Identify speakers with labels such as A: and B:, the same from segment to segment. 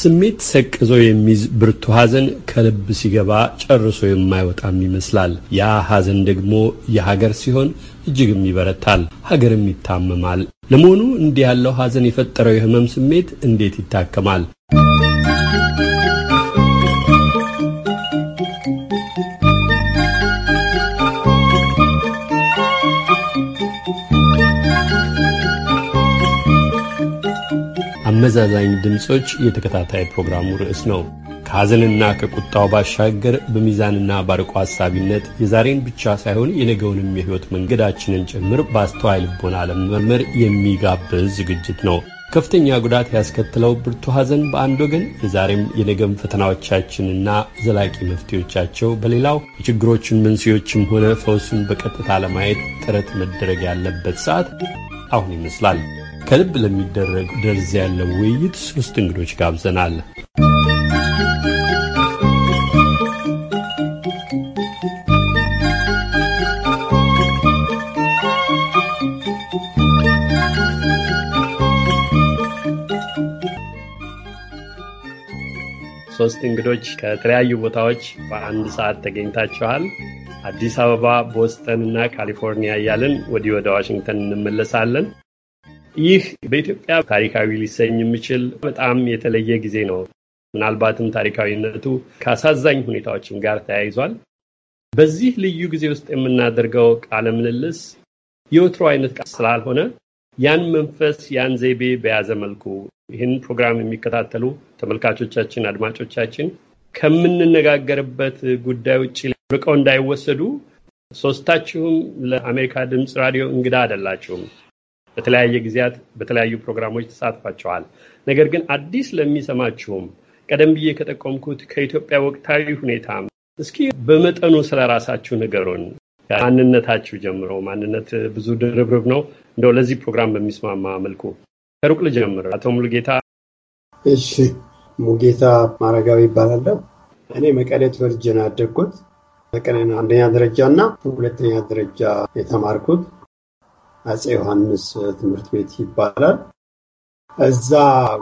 A: ስሜት ሰቅዞ የሚይዝ ብርቱ ሐዘን ከልብ ሲገባ ጨርሶ የማይወጣም ይመስላል። ያ ሐዘን ደግሞ የሀገር ሲሆን እጅግም ይበረታል፣ ሀገርም ይታመማል። ለመሆኑ እንዲህ ያለው ሐዘን የፈጠረው የህመም ስሜት እንዴት ይታከማል? አመዛዛኝ ድምፆች የተከታታይ ፕሮግራሙ ርዕስ ነው። ከሐዘንና ከቁጣው ባሻገር በሚዛንና ባርቆ ሐሳቢነት የዛሬን ብቻ ሳይሆን የነገውንም የሕይወት መንገዳችንን ጭምር በአስተዋይ ልቦና ለመመርመር የሚጋብዝ ዝግጅት ነው። ከፍተኛ ጉዳት ያስከትለው ብርቱ ሐዘን በአንድ ወገን፣ የዛሬም የነገም ፈተናዎቻችንና ዘላቂ መፍትሄዎቻቸው በሌላው፣ የችግሮችን መንስኤዎችም ሆነ ፈውሱን በቀጥታ ለማየት ጥረት መደረግ ያለበት ሰዓት አሁን ይመስላል። ከልብ ለሚደረግ ደርዝ ያለው ውይይት ሶስት እንግዶች ጋብዘናል። ሶስት እንግዶች ከተለያዩ ቦታዎች በአንድ ሰዓት ተገኝታችኋል። አዲስ አበባ፣ ቦስተን እና ካሊፎርኒያ እያልን ወዲህ ወደ ዋሽንግተን እንመለሳለን። ይህ በኢትዮጵያ ታሪካዊ ሊሰኝ የሚችል በጣም የተለየ ጊዜ ነው። ምናልባትም ታሪካዊነቱ ከአሳዛኝ ሁኔታዎችም ጋር ተያይዟል። በዚህ ልዩ ጊዜ ውስጥ የምናደርገው ቃለ ምልልስ የወትሮ አይነት ቃል ስላልሆነ ያን መንፈስ ያን ዘይቤ በያዘ መልኩ ይህን ፕሮግራም የሚከታተሉ ተመልካቾቻችን፣ አድማጮቻችን ከምንነጋገርበት ጉዳይ ውጭ ርቀው እንዳይወሰዱ ሶስታችሁም ለአሜሪካ ድምፅ ራዲዮ እንግዳ አይደላችሁም። በተለያየ ጊዜያት በተለያዩ ፕሮግራሞች ተሳትፋቸዋል። ነገር ግን አዲስ ለሚሰማችሁም ቀደም ብዬ ከጠቆምኩት ከኢትዮጵያ ወቅታዊ ሁኔታ እስኪ በመጠኑ ስለ ራሳችሁ ንገሩን። ማንነታችሁ ጀምሮ ማንነት ብዙ ድርብርብ ነው። እንደው ለዚህ ፕሮግራም በሚስማማ መልኩ ከሩቅ ልጀምር። አቶ ሙሉጌታ።
B: እሺ፣ ሙጌታ ማረጋዊ ይባላለሁ። እኔ መቀሌ ተወልጄ ነው ያደግኩት። መቀሌ አንደኛ ደረጃ እና ሁለተኛ ደረጃ የተማርኩት አጼ ዮሐንስ ትምህርት ቤት ይባላል። እዛ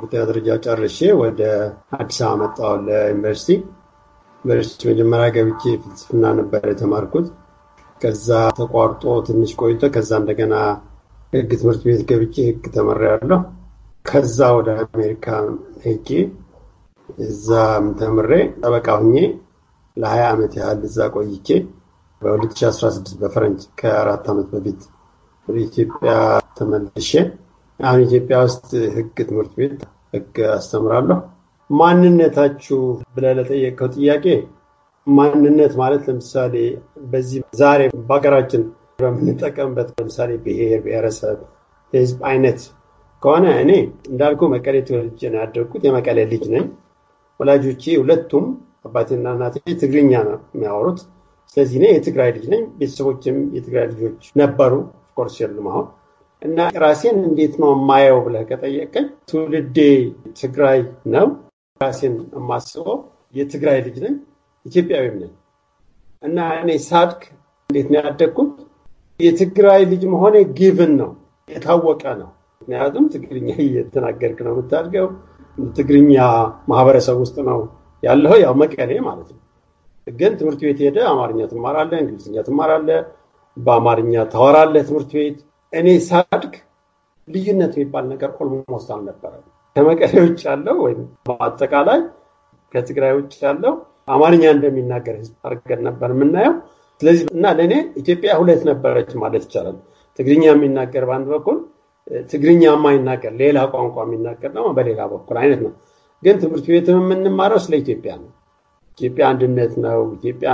B: ሁለተኛ ደረጃ ጨርሼ ወደ አዲስ አበባ መጣሁ ለዩኒቨርሲቲ። ዩኒቨርሲቲ መጀመሪያ ገብቼ ፍልስፍና ነበር የተማርኩት። ከዛ ተቋርጦ ትንሽ ቆይቶ ከዛ እንደገና ሕግ ትምህርት ቤት ገብቼ ሕግ ተምሬያለሁ። ከዛ ወደ አሜሪካ ሄጄ እዛም ተምሬ ጠበቃ ሁኜ ለሀያ ዓመት ያህል እዛ ቆይቼ በ2016 በፈረንጅ ከአራት ዓመት በፊት ወደ ኢትዮጵያ ተመልሼ አሁን ኢትዮጵያ ውስጥ ህግ ትምህርት ቤት ህግ አስተምራለሁ። ማንነታችሁ ብለህ ለጠየቀው ጥያቄ ማንነት ማለት ለምሳሌ በዚህ ዛሬ በሀገራችን በምንጠቀምበት ለምሳሌ ብሔር፣ ብሔረሰብ፣ ህዝብ አይነት ከሆነ እኔ እንዳልኩ መቀሌ ተወልጄ ነው ያደርጉት የመቀሌ ልጅ ነኝ። ወላጆቼ ሁለቱም አባቴና እናቴ ትግርኛ ነው የሚያወሩት። ስለዚህ እኔ የትግራይ ልጅ ነኝ። ቤተሰቦችም የትግራይ ልጆች ነበሩ። ኦፍኮርስ የሉም አሁን እና ራሴን እንዴት ነው የማየው ብለህ ከጠየቀኝ ትውልዴ ትግራይ ነው። ራሴን የማስበው የትግራይ ልጅ ነኝ፣ ኢትዮጵያዊም ነኝ እና እኔ ሳድክ እንዴት ነው ያደግኩት? የትግራይ ልጅ መሆነ ጊቭን ነው የታወቀ ነው። ምክንያቱም ትግርኛ እየተናገርክ ነው የምታድገው። ትግርኛ ማህበረሰብ ውስጥ ነው ያለው፣ ያው መቀሌ ማለት ነው። ግን ትምህርት ቤት ሄደ አማርኛ ትማራለህ፣ እንግሊዝኛ ትማራለህ በአማርኛ ታወራለህ ትምህርት ቤት። እኔ ሳድግ ልዩነት የሚባል ነገር ኦልሞስት አልነበረም። ከመቀሌ ውጭ ያለው ወይም በአጠቃላይ ከትግራይ ውጭ ያለው አማርኛ እንደሚናገር ህዝብ አድርገን ነበር የምናየው። ስለዚህ እና ለእኔ ኢትዮጵያ ሁለት ነበረች ማለት ይቻላል። ትግርኛ የሚናገር በአንድ በኩል፣ ትግርኛ የማይናገር ሌላ ቋንቋ የሚናገር ደግሞ በሌላ በኩል አይነት ነው። ግን ትምህርት ቤትም የምንማረው ስለ ኢትዮጵያ ነው። ኢትዮጵያ አንድነት ነው። ኢትዮጵያ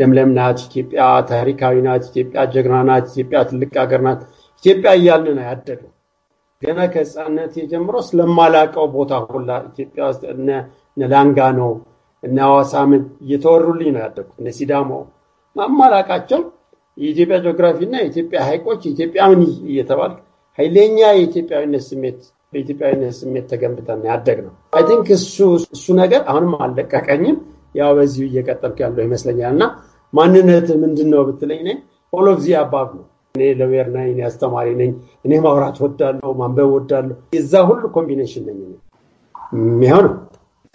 B: ለምለም ናት ኢትዮጵያ፣ ታሪካዊ ናት ኢትዮጵያ፣ ጀግና ናት ኢትዮጵያ፣ ትልቅ ሀገር ናት ኢትዮጵያ እያልን ነው ያደገው። ገና ከህፃነት የጀምሮ ስለማላቀው ቦታ ሁላ ኢትዮጵያ ውስጥ እነ ላንጋኖ እነ ሐዋሳምን እየተወሩልኝ ነው ያደጉት። እነ ሲዳሞ ማማላቃቸው የኢትዮጵያ ጂኦግራፊ እና የኢትዮጵያ ሀይቆች ምን እየተባል ኃይለኛ የኢትዮጵያዊነት ስሜት በኢትዮጵያዊነት ስሜት ተገንብተን ያደግ ነው። አይ ቲንክ እሱ ነገር አሁንም አልለቀቀኝም። ያው በዚሁ እየቀጠልኩ ያለው ይመስለኛል። እና ማንነት ምንድን ነው ብትለኝ ነ ኦል ኦፍ ዚ አባብ ነው። እኔ ለዌር ነኝ፣ እኔ አስተማሪ ነኝ፣ እኔ ማውራት ወዳለሁ፣ ማንበብ ወዳለሁ። የዛ ሁሉ ኮምቢኔሽን ነኝ ይኸው ነው።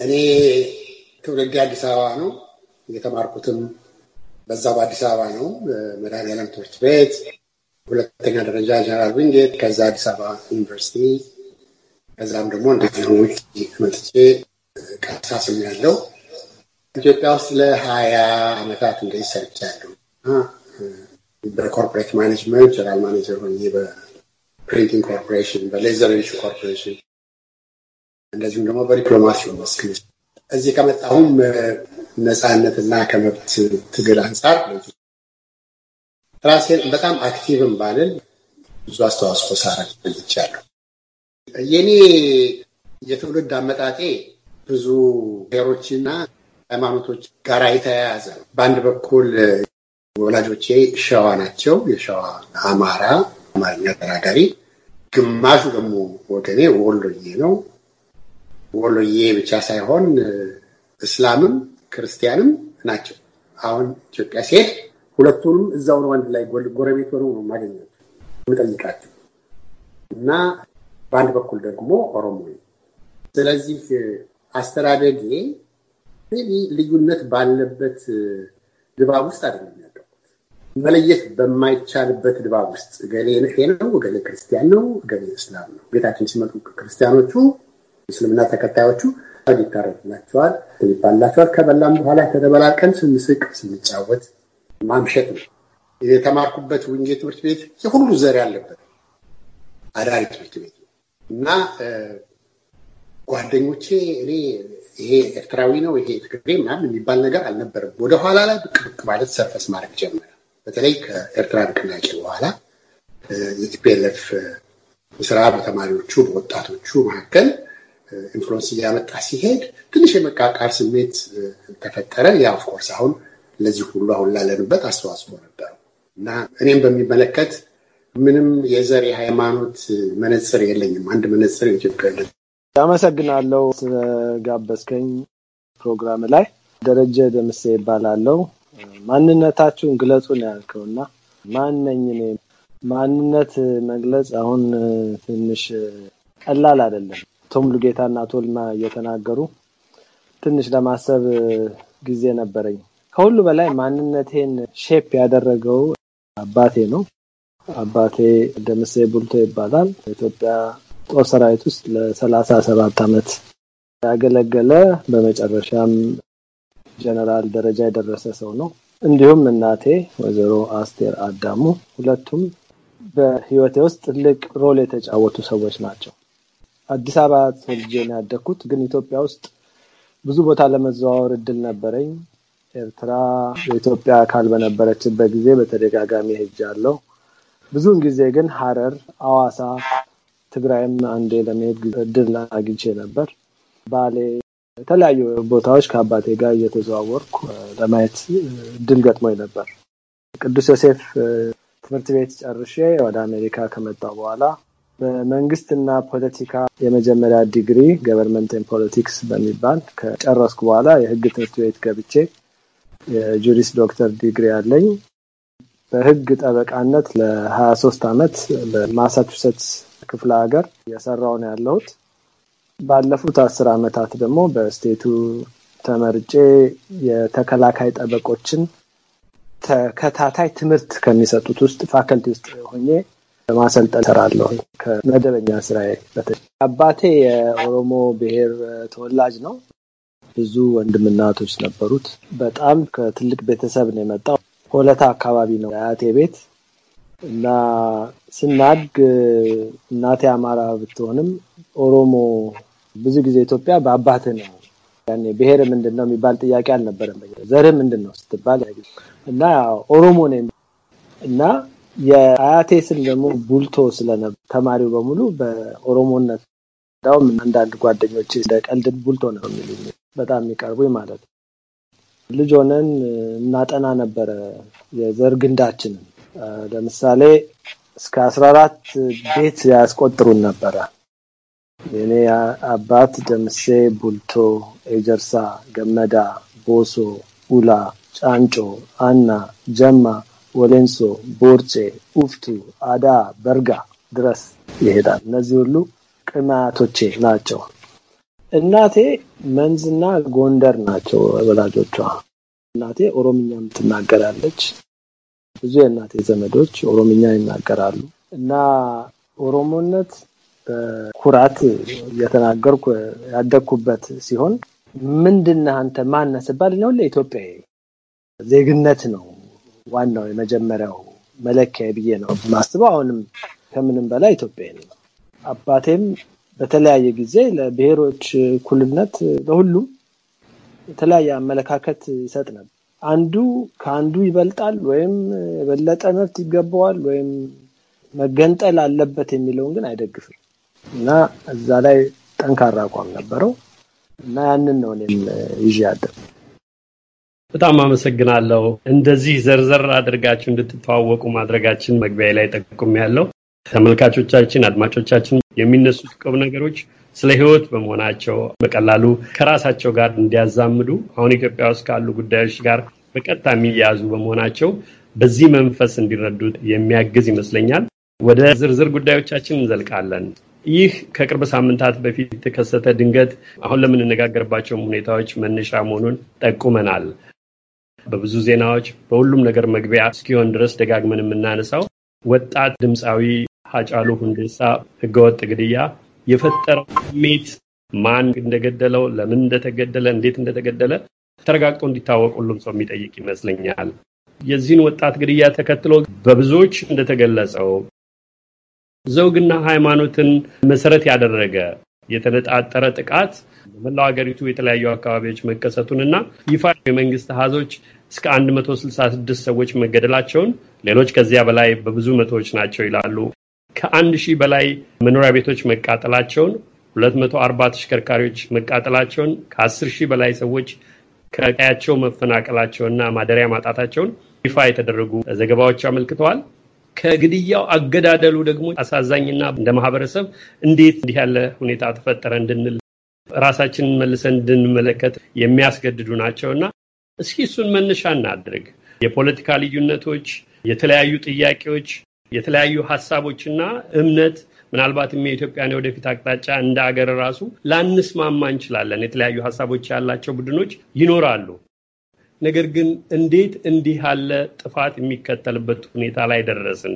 B: እኔ ትውልዴ አዲስ አበባ ነው። የተማርኩትም በዛ በአዲስ አበባ ነው። መድኃኔዓለም ትምህርት ቤት ሁለተኛ ደረጃ ጀነራል ዊንጌት፣ ከዛ አዲስ አበባ ዩኒቨርሲቲ፣ ከዛም ደግሞ እንደዚሁ መጥቼ ቀሳስም ያለው ኢትዮጵያ ውስጥ ለሀያ አመታት እንደዚህ ሰርቻለሁ። በኮርፖሬት ማኔጅመንት ጀነራል ማኔጀር ሆኜ በፕሪንቲንግ ኮርፖሬሽን፣ በሌዘር ኢሹ ኮርፖሬሽን እንደዚሁም ደግሞ በዲፕሎማሲ መስክ እዚህ ከመጣሁም ነፃነት እና ከመብት ትግል አንጻር ራሴን በጣም አክቲቭም ባልን ብዙ አስተዋጽኦ ሳረግ ልቻለሁ። የኔ የትውልድ አመጣጤ ብዙ ሄሮችና ሃይማኖቶች ጋር የተያያዘ ነው። በአንድ በኩል ወላጆቼ ሸዋ ናቸው። የሸዋ አማራ አማርኛ ተናጋሪ፣ ግማሹ ደግሞ ወገኔ ወሎዬ ነው። ወሎዬ ብቻ ሳይሆን እስላምም ክርስቲያንም ናቸው። አሁን ኢትዮጵያ ሲሄድ ሁለቱንም እዛው ነው አንድ ላይ ጎረቤት ሆነው ነው ማገኘት የምጠይቃቸው እና በአንድ በኩል ደግሞ ኦሮሞ። ስለዚህ አስተዳደጌ ልዩነት ባለበት ድባብ ውስጥ አይደለም ያደኩት። መለየት በማይቻልበት ድባብ ውስጥ እገሌ ንፌ ነው፣ እገሌ ክርስቲያን ነው፣ እገሌ እስላም ነው። ቤታችን ሲመጡ ክርስቲያኖቹ እስልምና ተከታዮቹ ይታረድላቸዋል፣ ይባላቸዋል። ከበላም በኋላ ከተበላቀን ስንስቅ ስንጫወት ማምሸት ነው። የተማርኩበት ውንጌ ትምህርት ቤት የሁሉ ዘር ያለበት አዳሪ ትምህርት ቤት ነው እና ጓደኞቼ እኔ ይሄ ኤርትራዊ ነው ይሄ ትግሬ ምናምን የሚባል ነገር አልነበረም። ወደኋላ ላይ ብቅ ብቅ ማለት ሰርፈስ ማድረግ ጀመረ። በተለይ ከኤርትራ ንቅናቄ በኋላ የቲፒኤልኤፍ ስራ በተማሪዎቹ በወጣቶቹ መካከል ኢንፍሉንስ እያመጣ ሲሄድ ትንሽ የመቃቃር ስሜት ተፈጠረ። ያ ኦፍኮርስ አሁን ለዚህ ሁሉ አሁን ላለንበት አስተዋጽኦ ነበረው እና እኔም በሚመለከት ምንም የዘር
C: የሃይማኖት
B: መነጽር የለኝም። አንድ መነጽር የኢትዮጵያነት
C: አመሰግናለሁ ስለጋበዝከኝ። ፕሮግራም ላይ ደረጀ ደምሴ ይባላለው። ማንነታችሁን ግለጹ ነው ያልከው እና ማነኝ እኔ ማንነት መግለጽ አሁን ትንሽ ቀላል አይደለም። ቶም ሉጌታ እና ቶልማ እየተናገሩ ትንሽ ለማሰብ ጊዜ ነበረኝ። ከሁሉ በላይ ማንነቴን ሼፕ ያደረገው አባቴ ነው። አባቴ ደምሴ ቡልቶ ይባላል። ኢትዮጵያ ጦር ሰራዊት ውስጥ ለሰላሳ ሰባት አመት ያገለገለ በመጨረሻም ጀነራል ደረጃ የደረሰ ሰው ነው። እንዲሁም እናቴ ወይዘሮ አስቴር አዳሙ ሁለቱም በህይወቴ ውስጥ ትልቅ ሮል የተጫወቱ ሰዎች ናቸው። አዲስ አበባ ተወልጄ ነው ያደግኩት፣ ግን ኢትዮጵያ ውስጥ ብዙ ቦታ ለመዘዋወር እድል ነበረኝ። ኤርትራ የኢትዮጵያ አካል በነበረችበት ጊዜ በተደጋጋሚ ሄጃለሁ። ብዙውን ጊዜ ግን ሀረር፣ አዋሳ፣ ትግራይም አንዴ ለመሄድ እድል አግኝቼ ነበር። ባሌ፣ የተለያዩ ቦታዎች ከአባቴ ጋር እየተዘዋወርኩ ለማየት እድል ገጥሞኝ ነበር። ቅዱስ ዮሴፍ ትምህርት ቤት ጨርሼ ወደ አሜሪካ ከመጣሁ በኋላ በመንግስትና ፖለቲካ የመጀመሪያ ዲግሪ ገቨርንመንት ኤንድ ፖለቲክስ በሚባል ከጨረስኩ በኋላ የህግ ትምህርት ቤት ገብቼ የጁሪስ ዶክተር ዲግሪ አለኝ። በህግ ጠበቃነት ለሀያ ሶስት አመት በማሳቹሴትስ ክፍለ ሀገር እየሰራው ነው ያለሁት። ባለፉት አስር ዓመታት ደግሞ በስቴቱ ተመርጬ የተከላካይ ጠበቆችን ተከታታይ ትምህርት ከሚሰጡት ውስጥ ፋከልቲ ውስጥ ሆኜ በማሰልጠን ሰራለሁ። ከመደበኛ ስራዬ አባቴ የኦሮሞ ብሔር ተወላጅ ነው። ብዙ ወንድምናቶች ነበሩት። በጣም ከትልቅ ቤተሰብ ነው የመጣው። ሆለታ አካባቢ ነው አያቴ ቤት እና ስናድግ እናቴ አማራ ብትሆንም ኦሮሞ ብዙ ጊዜ ኢትዮጵያ በአባት ነው ያኔ ብሔር ምንድን ነው የሚባል ጥያቄ አልነበረም። ዘር ምንድን ነው ስትባል እና ኦሮሞ ነ እና የአያቴ ስም ደግሞ ቡልቶ ስለነበር ተማሪው በሙሉ በኦሮሞነት እንዳውም አንዳንድ ጓደኞች እንደ ቀልድ ቡልቶ ነው የሚሉ በጣም የሚቀርቡኝ ማለት ነው። ልጅ ሆነን እናጠና ነበረ የዘር ግንዳችንን። ለምሳሌ እስከ አስራ አራት ቤት ያስቆጥሩን ነበረ። የኔ አባት ደምሴ ቡልቶ፣ ኤጀርሳ፣ ገመዳ፣ ቦሶ፣ ኡላ፣ ጫንጮ፣ አና፣ ጀማ፣ ወሌንሶ፣ ቦርጬ፣ ኡፍቱ፣ አዳ፣ በርጋ ድረስ ይሄዳል። እነዚህ ሁሉ ቅማያቶቼ ናቸው። እናቴ መንዝና ጎንደር ናቸው ወላጆቿ። እናቴ ኦሮምኛም ትናገራለች። ብዙ የእናቴ ዘመዶች ኦሮምኛ ይናገራሉ እና ኦሮሞነት በኩራት እየተናገርኩ ያደግኩበት ሲሆን ምንድን አንተ ማነህ ስባል ነው ለኢትዮጵያ ዜግነት ነው ዋናው የመጀመሪያው መለኪያ ብዬ ነው ማስበው። አሁንም ከምንም በላይ ኢትዮጵያ ነው። አባቴም በተለያየ ጊዜ ለብሔሮች ኩልነት ለሁሉም የተለያየ አመለካከት ይሰጥ ነበር። አንዱ ከአንዱ ይበልጣል ወይም የበለጠ መብት ይገባዋል ወይም መገንጠል አለበት የሚለውን ግን አይደግፍም እና እዛ ላይ ጠንካራ አቋም ነበረው እና ያንን ነው እኔም ይዤ ያደ
A: በጣም አመሰግናለሁ። እንደዚህ ዘርዘር አድርጋችሁ እንድትተዋወቁ ማድረጋችን መግቢያ ላይ ጠቁም ያለው ተመልካቾቻችን፣ አድማጮቻችን የሚነሱት ቁም ነገሮች ስለ ህይወት በመሆናቸው በቀላሉ ከራሳቸው ጋር እንዲያዛምዱ አሁን ኢትዮጵያ ውስጥ ካሉ ጉዳዮች ጋር በቀጥታ የሚያያዙ በመሆናቸው በዚህ መንፈስ እንዲረዱት የሚያግዝ ይመስለኛል። ወደ ዝርዝር ጉዳዮቻችን እንዘልቃለን። ይህ ከቅርብ ሳምንታት በፊት የተከሰተ ድንገት አሁን ለምንነጋገርባቸውም ሁኔታዎች መነሻ መሆኑን ጠቁመናል። በብዙ ዜናዎች በሁሉም ነገር መግቢያ እስኪሆን ድረስ ደጋግመን የምናነሳው ወጣት ድምፃዊ ሀጫሉ ሁንዴሳ ህገወጥ ግድያ የፈጠረው ስሜት ማን እንደገደለው፣ ለምን እንደተገደለ፣ እንዴት እንደተገደለ ተረጋግጦ እንዲታወቅ ሁሉም ሰው የሚጠይቅ ይመስለኛል። የዚህን ወጣት ግድያ ተከትሎ በብዙዎች እንደተገለጸው ዘውግና ሃይማኖትን መሰረት ያደረገ የተነጣጠረ ጥቃት በመላው ሀገሪቱ የተለያዩ አካባቢዎች እና ይፋ የመንግስት አሃዞች እስከ 166 ሰዎች መገደላቸውን ሌሎች ከዚያ በላይ በብዙ መቶዎች ናቸው ይላሉ። ከአንድ ሺህ በላይ መኖሪያ ቤቶች መቃጠላቸውን፣ 240 ተሽከርካሪዎች መቃጠላቸውን፣ ከ10 ሺህ በላይ ሰዎች ከቀያቸው መፈናቀላቸውና ማደሪያ ማጣታቸውን ይፋ የተደረጉ ዘገባዎች አመልክተዋል። ከግድያው አገዳደሉ ደግሞ አሳዛኝና እንደ ማህበረሰብ እንዴት እንዲህ ያለ ሁኔታ ተፈጠረ እንድንል ራሳችንን መልሰን እንድንመለከት የሚያስገድዱ እና እስኪ እሱን መነሻ እናድርግ። የፖለቲካ ልዩነቶች፣ የተለያዩ ጥያቄዎች የተለያዩ ሀሳቦችና እምነት ምናልባትም የኢትዮጵያን የወደፊት አቅጣጫ እንደ አገር ራሱ ላንስማማ እንችላለን። የተለያዩ ሀሳቦች ያላቸው ቡድኖች ይኖራሉ። ነገር ግን እንዴት እንዲህ ያለ ጥፋት የሚከተልበት ሁኔታ ላይ ደረስን?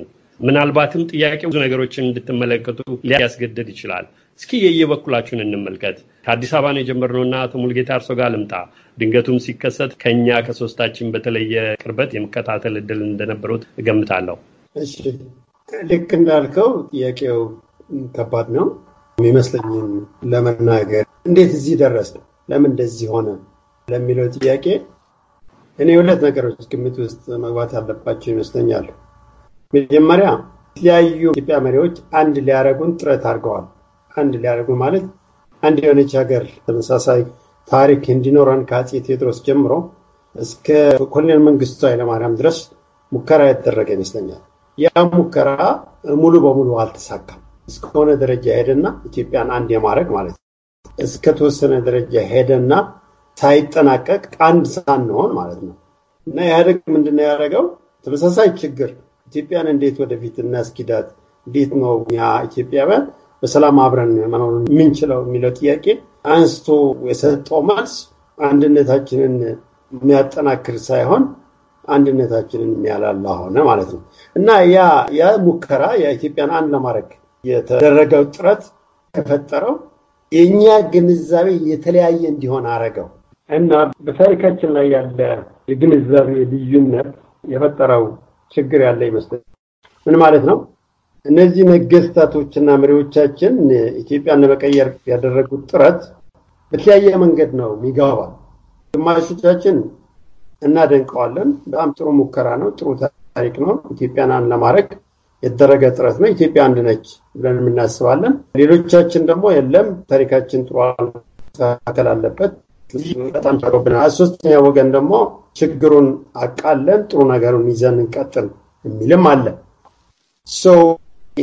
A: ምናልባትም ጥያቄ ብዙ ነገሮችን እንድትመለከቱ ሊያስገድድ ይችላል። እስኪ የየበኩላችሁን እንመልከት። ከአዲስ አበባ ነው የጀመርነውና አቶ ሙልጌታ እርሶ ጋር ልምጣ። ድንገቱም ሲከሰት ከኛ ከሶስታችን በተለየ ቅርበት የመከታተል እድል እንደነበረው እገምታለሁ።
C: እሺ
B: ልክ እንዳልከው ጥያቄው ከባድ ነው የሚመስለኝን ለመናገር እንዴት እዚህ ደረሰ ለምን እንደዚህ ሆነ ለሚለው ጥያቄ እኔ ሁለት ነገሮች ግምት ውስጥ መግባት ያለባቸው ይመስለኛል። መጀመሪያ የተለያዩ ኢትዮጵያ መሪዎች አንድ ሊያደረጉን ጥረት አድርገዋል። አንድ ሊያደረጉ ማለት አንድ የሆነች ሀገር ተመሳሳይ ታሪክ እንዲኖረን ከአፄ ቴዎድሮስ ጀምሮ እስከ ኮሎኔል መንግስቱ ኃይለማርያም ድረስ ሙከራ ያደረገ ይመስለኛል። ያ ሙከራ ሙሉ በሙሉ አልተሳካም። እስከሆነ ደረጃ ሄደና ኢትዮጵያን አንድ የማድረግ ማለት ነው። እስከተወሰነ ደረጃ ሄደና ሳይጠናቀቅ አንድ ሳንሆን ማለት ነው። እና ኢህአዴግ ምንድነው ያደረገው? ተመሳሳይ ችግር ኢትዮጵያን እንዴት ወደፊት እናስኪዳት፣ እንዴት ነው ያ ኢትዮጵያውያን በሰላም አብረን መኖር የምንችለው የሚለው ጥያቄ አንስቶ የሰጠው መልስ አንድነታችንን የሚያጠናክር ሳይሆን አንድነታችንን የሚያላላ ሆነ ማለት ነው እና ያ ያ ሙከራ የኢትዮጵያን አንድ ለማድረግ የተደረገው ጥረት ከፈጠረው የእኛ ግንዛቤ የተለያየ እንዲሆን አረገው እና በታሪካችን ላይ ያለ የግንዛቤ ልዩነት የፈጠረው ችግር ያለ ይመስላል። ምን ማለት ነው? እነዚህ ነገስታቶችና መሪዎቻችን ኢትዮጵያን ለመቀየር ያደረጉት ጥረት በተለያየ መንገድ ነው የሚገባ ግማሾቻችን እናደንቀዋለን። በጣም ጥሩ ሙከራ ነው፣ ጥሩ ታሪክ ነው። ኢትዮጵያን አንድ ለማድረግ የተደረገ ጥረት ነው። ኢትዮጵያ አንድ ነች ብለን የምናስባለን። ሌሎቻችን ደግሞ የለም ታሪካችን ጥሩ መስተካከል አለበት በጣም ተሮብናል። ሶስተኛ ወገን ደግሞ ችግሩን አቃለን ጥሩ ነገሩን ይዘን እንቀጥል የሚልም አለ።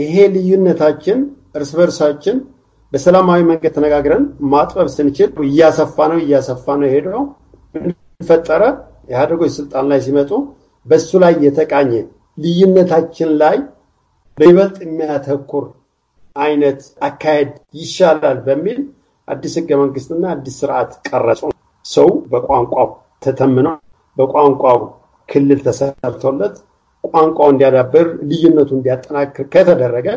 B: ይሄ ልዩነታችን እርስ በርሳችን በሰላማዊ መንገድ ተነጋግረን ማጥበብ ስንችል እያሰፋ ነው እያሰፋ ነው የሄደው ፈጠረ ኢህአዴጎች ስልጣን ላይ ሲመጡ በሱ ላይ የተቃኘ ልዩነታችን ላይ በይበልጥ የሚያተኩር አይነት አካሄድ ይሻላል በሚል አዲስ ህገ መንግስትና አዲስ ስርዓት ቀረጹ። ሰው በቋንቋው ተተምኖ በቋንቋው ክልል ተሰርቶለት ቋንቋው እንዲያዳብር ልዩነቱ እንዲያጠናክር ከተደረገ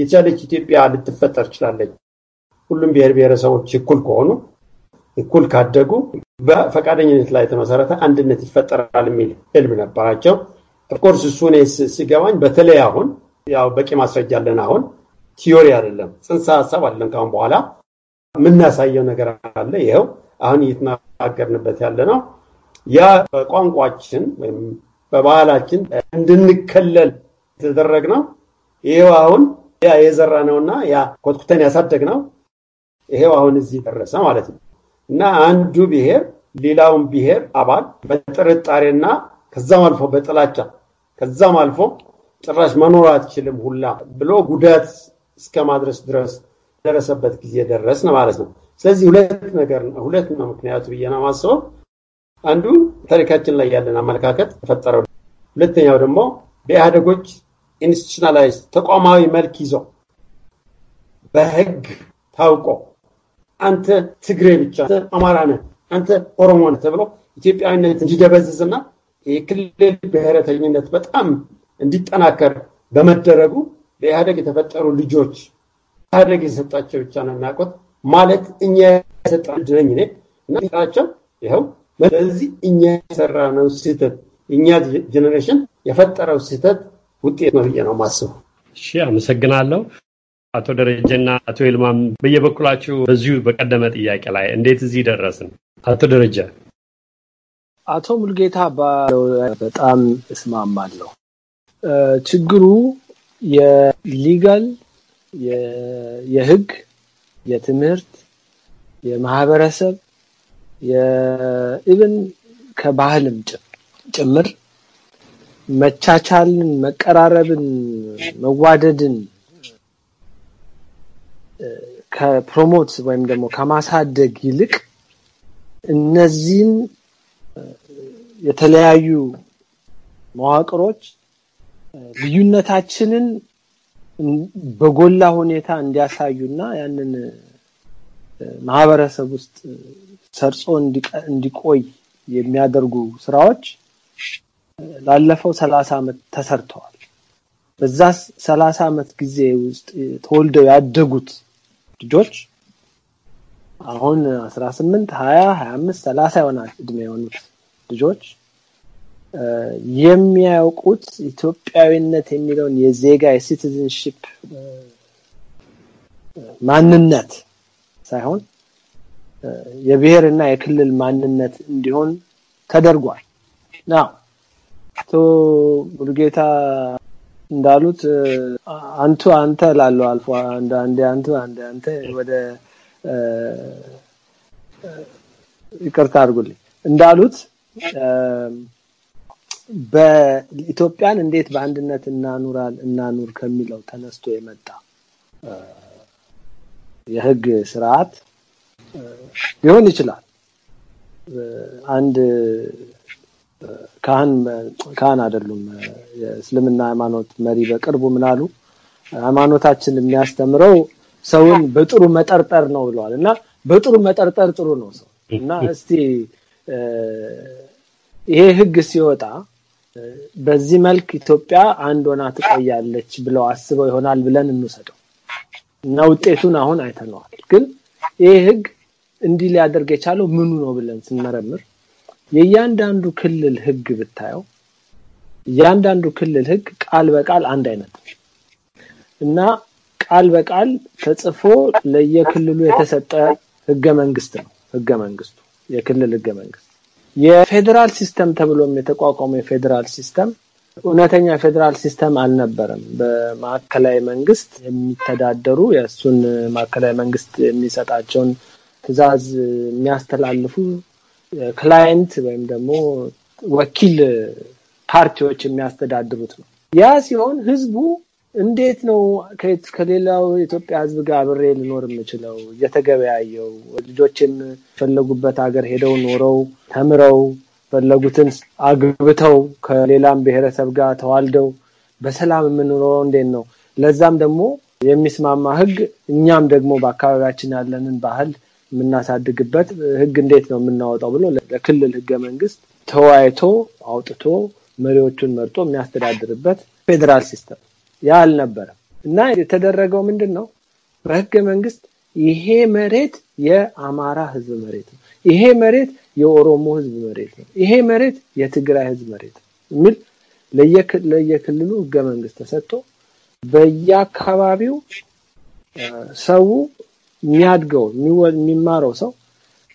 B: የተቻለች ኢትዮጵያ ልትፈጠር ትችላለች። ሁሉም ብሔር ብሔረሰቦች እኩል ከሆኑ እኩል ካደጉ በፈቃደኝነት ላይ የተመሰረተ አንድነት ይፈጠራል የሚል ህልም ነበራቸው። ኦፍኮርስ እሱ እኔ ሲገባኝ በተለይ አሁን ያው በቂ ማስረጃ አለን። አሁን ቲዮሪ አይደለም ጽንሰ ሀሳብ አይደለም። ካሁን በኋላ የምናሳየው ነገር አለ። ይኸው አሁን እየተናገርንበት ያለ ነው። ያ በቋንቋችን ወይም በባህላችን እንድንከለል ነው። ይሄው አሁን ያ የዘራ ነውና ያ ኮትኩተን ያሳደግ ነው ይሄው አሁን እዚህ ደረሰ ማለት ነው። እና አንዱ ብሔር ሌላውን ብሔር አባል በጥርጣሬና ከዛም አልፎ በጥላቻ ከዛም አልፎ ጭራሽ መኖር አትችልም ሁላ ብሎ ጉዳት እስከ ማድረስ ድረስ ደረሰበት ጊዜ ደረስ ማለት ነው። ስለዚህ ሁለት ነገር ሁለት ነው ምክንያቱ ብዬ ነው የማስበው። አንዱ ታሪካችን ላይ ያለን አመለካከት ተፈጠረው፣ ሁለተኛው ደግሞ በኢህአደጎች ኢንስቲቱሽናላይዝ ተቋማዊ መልክ ይዞ በህግ ታውቆ አንተ ትግሬ ብቻ አማራ ነህ፣ አንተ ኦሮሞ ነህ ተብሎ ኢትዮጵያዊነት እንዲደበዝዝና የክልል ብሔረተኝነት በጣም እንዲጠናከር በመደረጉ በኢህአደግ የተፈጠሩ ልጆች ኢህአደግ የሰጣቸው ብቻ ነው የሚያውቁት ማለት እኛ የሰጣ ድረኝ ነ እናቸው ይኸው። ስለዚህ እኛ የሰራ ነው ስህተት እኛ ጀኔሬሽን የፈጠረው ስህተት ውጤት ነው ብዬ ነው ማስቡ።
A: እሺ፣ አመሰግናለሁ። አቶ ደረጀና አቶ ይልማም በየበኩላችሁ በዚሁ በቀደመ ጥያቄ ላይ እንዴት እዚህ ደረስን? አቶ ደረጀ።
C: አቶ ሙልጌታ ባለው በጣም እስማማለሁ። ችግሩ የሊጋል የህግ፣ የትምህርት፣ የማህበረሰብ የኢብን ከባህልም ጭምር መቻቻልን፣ መቀራረብን፣ መዋደድን ከፕሮሞት ወይም ደግሞ ከማሳደግ ይልቅ እነዚህን የተለያዩ መዋቅሮች ልዩነታችንን በጎላ ሁኔታ እንዲያሳዩና ያንን ማህበረሰብ ውስጥ ሰርጾ እንዲቆይ የሚያደርጉ ስራዎች ላለፈው ሰላሳ ዓመት ተሰርተዋል። በዛ ሰላሳ ዓመት ጊዜ ውስጥ ተወልደው ያደጉት ልጆች አሁን አስራ ስምንት ሀያ ሀያ አምስት ሰላሳ የሆነ እድሜ የሆኑት ልጆች የሚያውቁት ኢትዮጵያዊነት የሚለውን የዜጋ የሲቲዝንሽፕ ማንነት ሳይሆን የብሔርና የክልል ማንነት እንዲሆን ተደርጓል። ናው አቶ ሙሉጌታ እንዳሉት አንቱ አንተ ላለው አልፎ አንዴ አንቱ አንዴ አንተ ወደ ይቅርታ አድርጉልኝ እንዳሉት በኢትዮጵያን እንዴት በአንድነት እናኑራል እናኑር ከሚለው ተነስቶ የመጣ የህግ ስርዓት ሊሆን ይችላል። አንድ ካህን ካህን አይደሉም፣ የእስልምና ሃይማኖት መሪ በቅርቡ ምናሉ ሃይማኖታችን የሚያስተምረው ሰውን በጥሩ መጠርጠር ነው ብለዋል እና በጥሩ መጠርጠር ጥሩ ነው ሰው እና እስቲ ይሄ ህግ ሲወጣ በዚህ መልክ ኢትዮጵያ አንድ ሆና ትቆያለች ብለው አስበው ይሆናል ብለን እንውሰደው እና ውጤቱን አሁን አይተነዋል። ግን ይሄ ህግ እንዲህ ሊያደርግ የቻለው ምኑ ነው ብለን ስንመረምር የእያንዳንዱ ክልል ህግ ብታየው እያንዳንዱ ክልል ህግ ቃል በቃል አንድ አይነት እና ቃል በቃል ተጽፎ ለየክልሉ የተሰጠ ህገ መንግስት ነው። ህገ መንግስቱ የክልል ህገ መንግስት የፌዴራል ሲስተም ተብሎም የተቋቋመው የፌዴራል ሲስተም እውነተኛ ፌዴራል ሲስተም አልነበረም። በማዕከላዊ መንግስት የሚተዳደሩ የእሱን ማዕከላዊ መንግስት የሚሰጣቸውን ትእዛዝ የሚያስተላልፉ ክላይንት ወይም ደግሞ ወኪል ፓርቲዎች የሚያስተዳድሩት ነው። ያ ሲሆን ህዝቡ እንዴት ነው ከሌላው የኢትዮጵያ ህዝብ ጋር አብሬ ልኖር የምችለው? እየተገበያየው ልጆችን የፈለጉበት ሀገር ሄደው ኖረው ተምረው ፈለጉትን አግብተው ከሌላም ብሔረሰብ ጋር ተዋልደው በሰላም የምንኖረው እንዴት ነው? ለዛም ደግሞ የሚስማማ ህግ እኛም ደግሞ በአካባቢያችን ያለንን ባህል የምናሳድግበት ህግ እንዴት ነው የምናወጣው ብሎ ለክልል ህገ መንግስት ተወያይቶ አውጥቶ መሪዎቹን መርጦ የሚያስተዳድርበት ፌዴራል ሲስተም ያ አልነበረም እና የተደረገው ምንድን ነው? በህገ መንግስት ይሄ መሬት የአማራ ህዝብ መሬት ነው፣ ይሄ መሬት የኦሮሞ ህዝብ መሬት ነው፣ ይሄ መሬት የትግራይ ህዝብ መሬት ነው የሚል ለየክልሉ ህገ መንግስት ተሰጥቶ በየአካባቢው ሰው የሚያድገው የሚማረው ሰው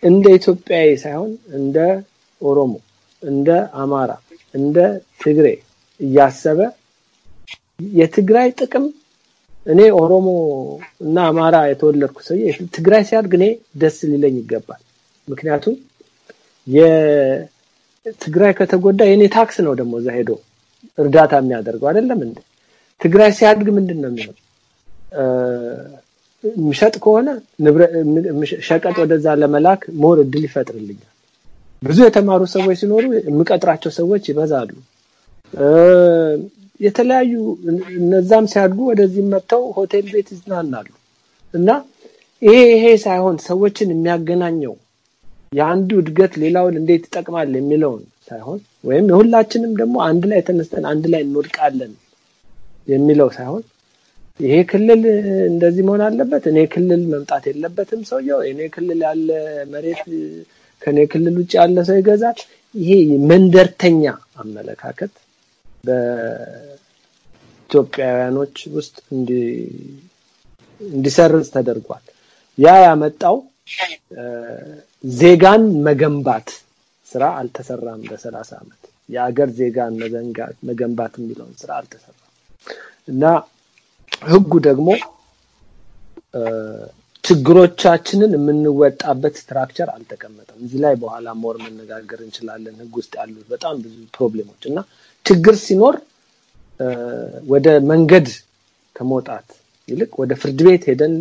C: እንደ ኢትዮጵያዊ ሳይሆን እንደ ኦሮሞ፣ እንደ አማራ፣ እንደ ትግሬ እያሰበ የትግራይ ጥቅም እኔ ኦሮሞ እና አማራ የተወለድኩ ሰው ትግራይ ሲያድግ እኔ ደስ ሊለኝ ይገባል። ምክንያቱም የትግራይ ከተጎዳ የኔ ታክስ ነው ደግሞ እዛ ሄዶ እርዳታ የሚያደርገው አይደለም እንዴ? ትግራይ ሲያድግ ምንድን ነው የሚሸጥ ከሆነ ሸቀጥ ወደዛ ለመላክ ሞር እድል ይፈጥርልኛል። ብዙ የተማሩ ሰዎች ሲኖሩ የሚቀጥራቸው ሰዎች ይበዛሉ። የተለያዩ እነዛም ሲያድጉ ወደዚህ መጥተው ሆቴል ቤት ይዝናናሉ እና ይሄ ይሄ ሳይሆን ሰዎችን የሚያገናኘው የአንዱ እድገት ሌላውን እንዴት ይጠቅማል የሚለውን ሳይሆን ወይም የሁላችንም ደግሞ አንድ ላይ ተነስተን አንድ ላይ እንወድቃለን የሚለው ሳይሆን ይሄ ክልል እንደዚህ መሆን አለበት፣ እኔ ክልል መምጣት የለበትም ሰውየው፣ እኔ ክልል ያለ መሬት ከእኔ ክልል ውጭ ያለ ሰው ይገዛል። ይሄ መንደርተኛ አመለካከት በኢትዮጵያውያኖች ውስጥ እንዲሰርጽ ተደርጓል። ያ ያመጣው ዜጋን መገንባት ስራ አልተሰራም። በሰላሳ ዓመት የአገር ዜጋን መገንባት የሚለውን ስራ አልተሰራም እና ህጉ ደግሞ ችግሮቻችንን የምንወጣበት ስትራክቸር አልተቀመጠም። እዚህ ላይ በኋላ ሞር መነጋገር እንችላለን። ህግ ውስጥ ያሉ በጣም ብዙ ፕሮብሌሞች እና ችግር ሲኖር ወደ መንገድ ከመውጣት ይልቅ ወደ ፍርድ ቤት ሄደን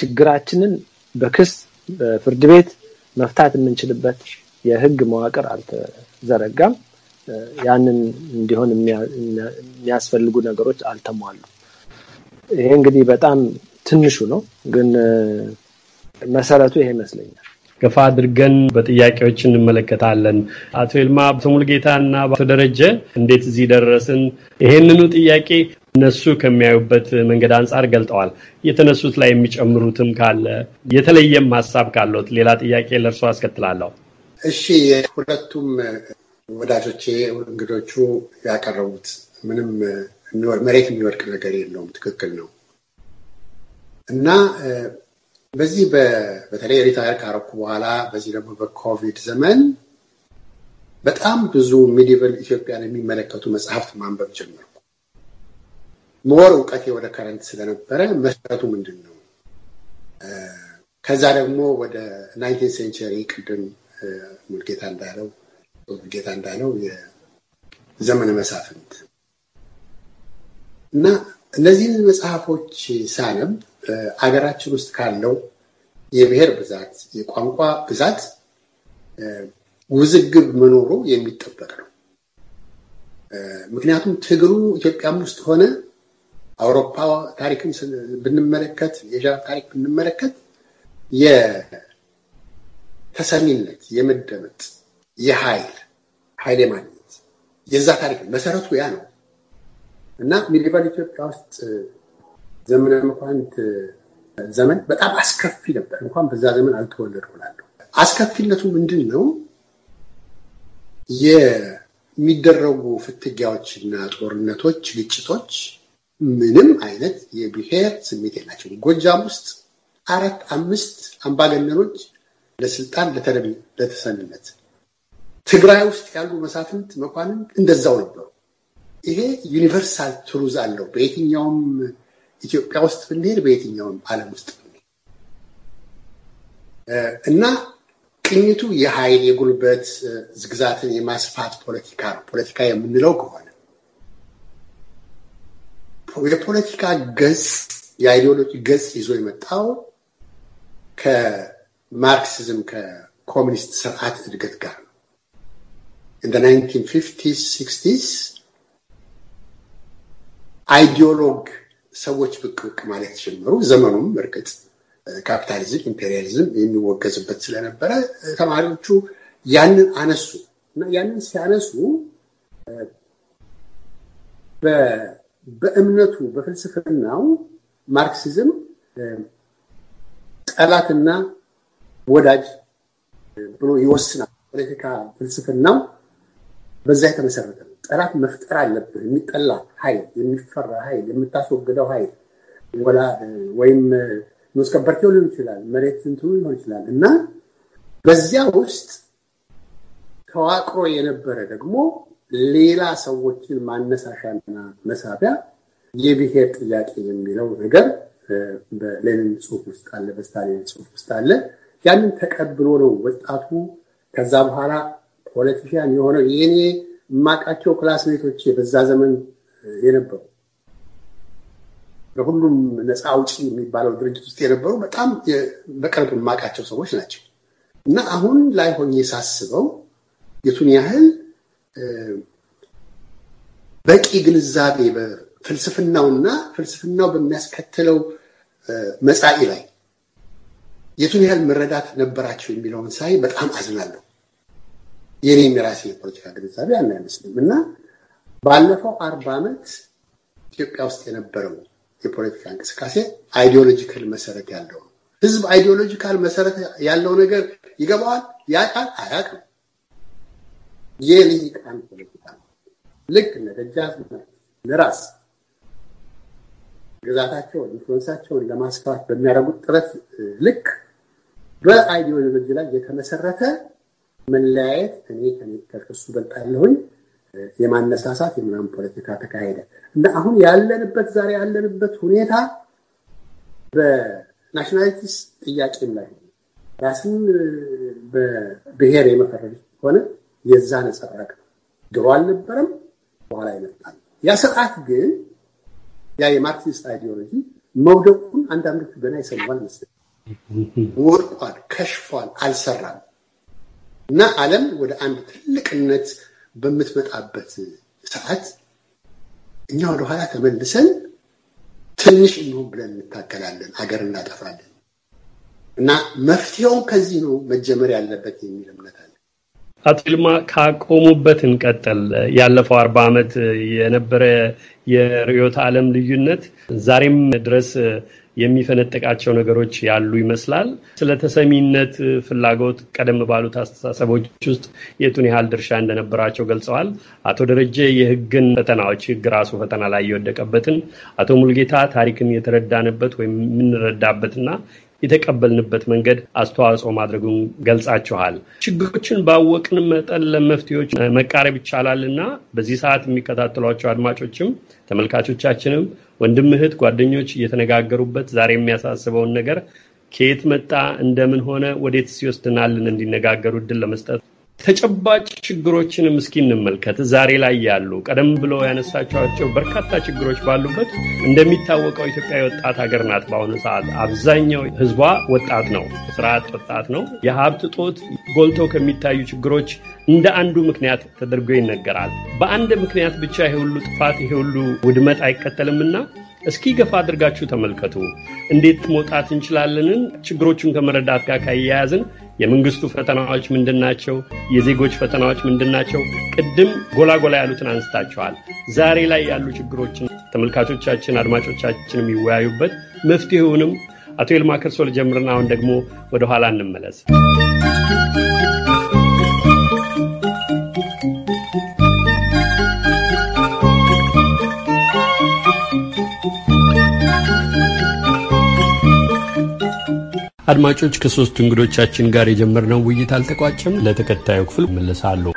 C: ችግራችንን በክስ በፍርድ ቤት መፍታት የምንችልበት የህግ መዋቅር አልተዘረጋም። ያንን እንዲሆን የሚያስፈልጉ ነገሮች አልተሟሉም። ይሄ እንግዲህ በጣም ትንሹ ነው፣ ግን መሰረቱ ይሄ ይመስለኛል።
A: ገፋ አድርገን በጥያቄዎች እንመለከታለን። አቶ ይልማ አቶ ሙልጌታ እና አቶ ደረጀ እንዴት እዚህ ደረስን? ይሄንኑ ጥያቄ እነሱ ከሚያዩበት መንገድ አንጻር ገልጠዋል። የተነሱት ላይ የሚጨምሩትም ካለ የተለየም ሀሳብ ካለት ሌላ ጥያቄ ለእርሶ አስከትላለሁ።
B: እሺ፣ ሁለቱም ወዳጆቼ እንግዶቹ ያቀረቡት ምንም መሬት የሚወድቅ ነገር የለውም። ትክክል ነው እና በዚህ በተለይ ሪታየር ካረኩ በኋላ በዚህ ደግሞ በኮቪድ ዘመን በጣም ብዙ ሚዲቨል ኢትዮጵያን የሚመለከቱ መጽሐፍት ማንበብ ጀመርኩ። ሞር እውቀቴ ወደ ከረንት ስለነበረ መሰረቱ ምንድን ነው? ከዛ ደግሞ ወደ ናይንቲን ሴንቸሪ ቅድም ሙልጌታ እንዳለው ሙልጌታ እንዳለው የዘመነ መሳፍንት እና እነዚህን መጽሐፎች ሳነብ አገራችን ውስጥ ካለው የብሔር ብዛት፣ የቋንቋ ብዛት ውዝግብ መኖሩ የሚጠበቅ ነው። ምክንያቱም ትግሉ ኢትዮጵያም ውስጥ ሆነ አውሮፓ ታሪክም ብንመለከት፣ የኤዥያ ታሪክ ብንመለከት የተሰሚነት፣ የመደመጥ፣ የኃይል ኃይል የማግኘት የዛ ታሪክ መሰረቱ ያ ነው። እና ሚዲቫል ኢትዮጵያ ውስጥ ዘመነ መኳንንት ዘመን በጣም አስከፊ ነበር። እንኳን በዛ ዘመን አልተወለድኩም እላለሁ። አስከፊነቱ ምንድን ነው? የሚደረጉ ፍትጊያዎችና ጦርነቶች፣ ግጭቶች ምንም አይነት የብሔር ስሜት የላቸውም። ጎጃም ውስጥ አራት አምስት አምባገነኖች ለስልጣን ለተሰንነት ትግራይ ውስጥ ያሉ መሳፍንት መኳንን እንደዛው ነበሩ። ይሄ ዩኒቨርሳል ትሩዝ አለው። በየትኛውም ኢትዮጵያ ውስጥ ብንሄድ፣ በየትኛውም ዓለም ውስጥ ብንሄድ እና ቅኝቱ የኃይል የጉልበት ዝግዛትን የማስፋት ፖለቲካ ነው። ፖለቲካ የምንለው ከሆነ የፖለቲካ ገጽ የአይዲዮሎጂ ገጽ ይዞ የመጣው ከማርክሲዝም ከኮሚኒስት ስርዓት እድገት ጋር ነው። እንደ ናይንቲን ፊፍቲስ ሲክስቲስ አይዲዮሎግ ሰዎች ብቅ ብቅ ማለት ጀመሩ። ዘመኑም እርግጥ ካፒታሊዝም፣ ኢምፔሪያሊዝም የሚወገዝበት ስለነበረ ተማሪዎቹ ያንን አነሱ እና ያንን ሲያነሱ በእምነቱ በፍልስፍናው ማርክሲዝም ጠላትና ወዳጅ ብሎ ይወስናል። ፖለቲካ ፍልስፍናው በዛ የተመሰረተ ነው። ጠላት መፍጠር አለብህ። የሚጠላ ኃይል፣ የሚፈራ ኃይል፣ የምታስወግደው ኃይል ወላ ወይም መስከበርቴው ሊሆን ይችላል፣ መሬት እንትኑ ሊሆን ይችላል እና በዚያ ውስጥ ተዋቅሮ የነበረ ደግሞ ሌላ ሰዎችን ማነሳሻና መሳቢያ የብሔር ጥያቄ የሚለው ነገር በሌኒን ጽሁፍ ውስጥ አለ፣ በስታሊን ጽሁፍ ውስጥ አለ። ያንን ተቀብሎ ነው ወጣቱ ከዛ በኋላ ፖለቲሽያን የሆነው የእኔ የማውቃቸው ክላስሜቶቼ በዛ ዘመን የነበሩ በሁሉም ነፃ አውጪ የሚባለው ድርጅት ውስጥ የነበሩ በጣም በቅርብ የማውቃቸው ሰዎች ናቸው እና አሁን ላይ ሆኜ ሳስበው የቱን ያህል በቂ ግንዛቤ ፍልስፍናውና ፍልስፍናው በሚያስከትለው መጻኢ ላይ የቱን ያህል መረዳት ነበራቸው የሚለውን ሳይ በጣም አዝናለሁ። የኔ የራሴ የፖለቲካ ግንዛቤ ያን አይመስልም እና ባለፈው አርባ ዓመት ኢትዮጵያ ውስጥ የነበረው የፖለቲካ እንቅስቃሴ አይዲዮሎጂካል መሰረት ያለው ነው። ህዝብ አይዲዮሎጂካል መሰረት ያለው ነገር ይገባዋል፣ ያውቃል፣ አያውቅም። የልሂቃን ፖለቲካ ነው። ልክ እነ ደጃዝማች ለራስ ግዛታቸውን ኢንፍሉንሳቸውን ለማስፋት በሚያደርጉት ጥረት ልክ በአይዲዮሎጂ ላይ የተመሰረተ መለያየት እኔ ከእሱ በልጣለሁኝ የማነሳሳት የምናምን ፖለቲካ ተካሄደ እና አሁን ያለንበት ዛሬ ያለንበት ሁኔታ በናሽናሊቲስ ጥያቄም ላይ ራስን በብሔር የመፈረጅ ሆነ የዛ ነጸረቅ ነው። ድሮ አልነበረም፣ በኋላ ይመጣል። ያ ስርዓት ግን ያ የማርክሲስት አይዲዮሎጂ መውደቁን አንዳንዶቹ ገና ይሰማል መስል ወድቋል፣ ከሽፏል፣ አልሰራም። እና ዓለም ወደ አንድ ትልቅነት በምትመጣበት ሰዓት እኛ ወደኋላ ተመልሰን ትንሽ እንሆን ብለን እንታገላለን፣ ሀገር እናጠፋለን። እና መፍትሄውን ከዚህ ነው መጀመር ያለበት የሚል እምነት አለ።
A: አቶ ይልማ ካቆሙበት እንቀጠል። ያለፈው አርባ ዓመት የነበረ የርዕዮተ ዓለም ልዩነት ዛሬም ድረስ የሚፈነጥቃቸው ነገሮች ያሉ ይመስላል። ስለ ተሰሚነት ፍላጎት ቀደም ባሉት አስተሳሰቦች ውስጥ የቱን ያህል ድርሻ እንደነበራቸው ገልጸዋል። አቶ ደረጀ የህግን ፈተናዎች ህግ ራሱ ፈተና ላይ የወደቀበትን፣ አቶ ሙልጌታ ታሪክን የተረዳንበት ወይም የምንረዳበትና የተቀበልንበት መንገድ አስተዋጽኦ ማድረጉን ገልጻችኋል። ችግሮችን ባወቅን መጠን ለመፍትሄዎች መቃረብ ይቻላል እና በዚህ ሰዓት የሚከታተሏቸው አድማጮችም ተመልካቾቻችንም ወንድም፣ እህት፣ ጓደኞች እየተነጋገሩበት ዛሬ የሚያሳስበውን ነገር ከየት መጣ እንደምን ሆነ ወዴት ሲወስድናልን እንዲነጋገሩ እድል ለመስጠት ተጨባጭ ችግሮችንም እስኪ እንመልከት። ዛሬ ላይ ያሉ ቀደም ብሎ ያነሳቸዋቸው በርካታ ችግሮች ባሉበት እንደሚታወቀው ኢትዮጵያ የወጣት ሀገር ናት። በአሁኑ ሰዓት አብዛኛው ሕዝቧ ወጣት ነው፣ ስራ አጥ ወጣት ነው። የሀብት እጦት ጎልቶ ከሚታዩ ችግሮች እንደ አንዱ ምክንያት ተደርጎ ይነገራል። በአንድ ምክንያት ብቻ ይሄ ሁሉ ጥፋት ይሄ ሁሉ ውድመት አይከተልምና እስኪ ገፋ አድርጋችሁ ተመልከቱ። እንዴት መውጣት እንችላለንን ችግሮቹን ከመረዳት ጋር ካያያዝን የመንግስቱ ፈተናዎች ምንድናቸው? የዜጎች ፈተናዎች ምንድናቸው? ቅድም ጎላ ጎላ ያሉትን አንስታችኋል። ዛሬ ላይ ያሉ ችግሮችን ተመልካቾቻችን፣ አድማጮቻችን የሚወያዩበት መፍትሄውንም አቶ ይልማ ከርሶ ልጀምርና አሁን ደግሞ ወደኋላ እንመለስ። አድማጮች ከሶስት እንግዶቻችን ጋር የጀመርነው ውይይት አልተቋጨም። ለተከታዩ ክፍል መልሳለሁ።